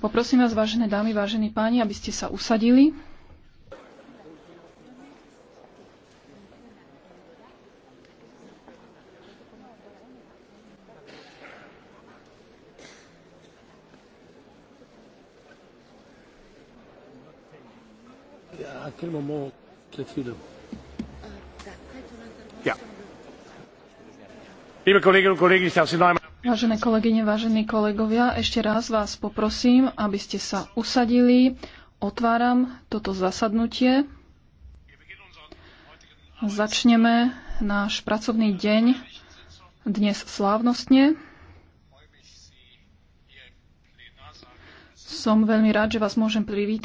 Poprosím vás, vážené dámy, vážení páni, aby ste sa usadili. Liebe Kolleginnen und Kollegen, ich darf Sie noch einmal Vážené kolegyne, vážení kolegovia, ešte raz vás poprosím, aby ste sa usadili. Otváram toto zasadnutie. Začneme náš pracovný deň dnes slávnostne. Som veľmi rád, že vás môžem privítať.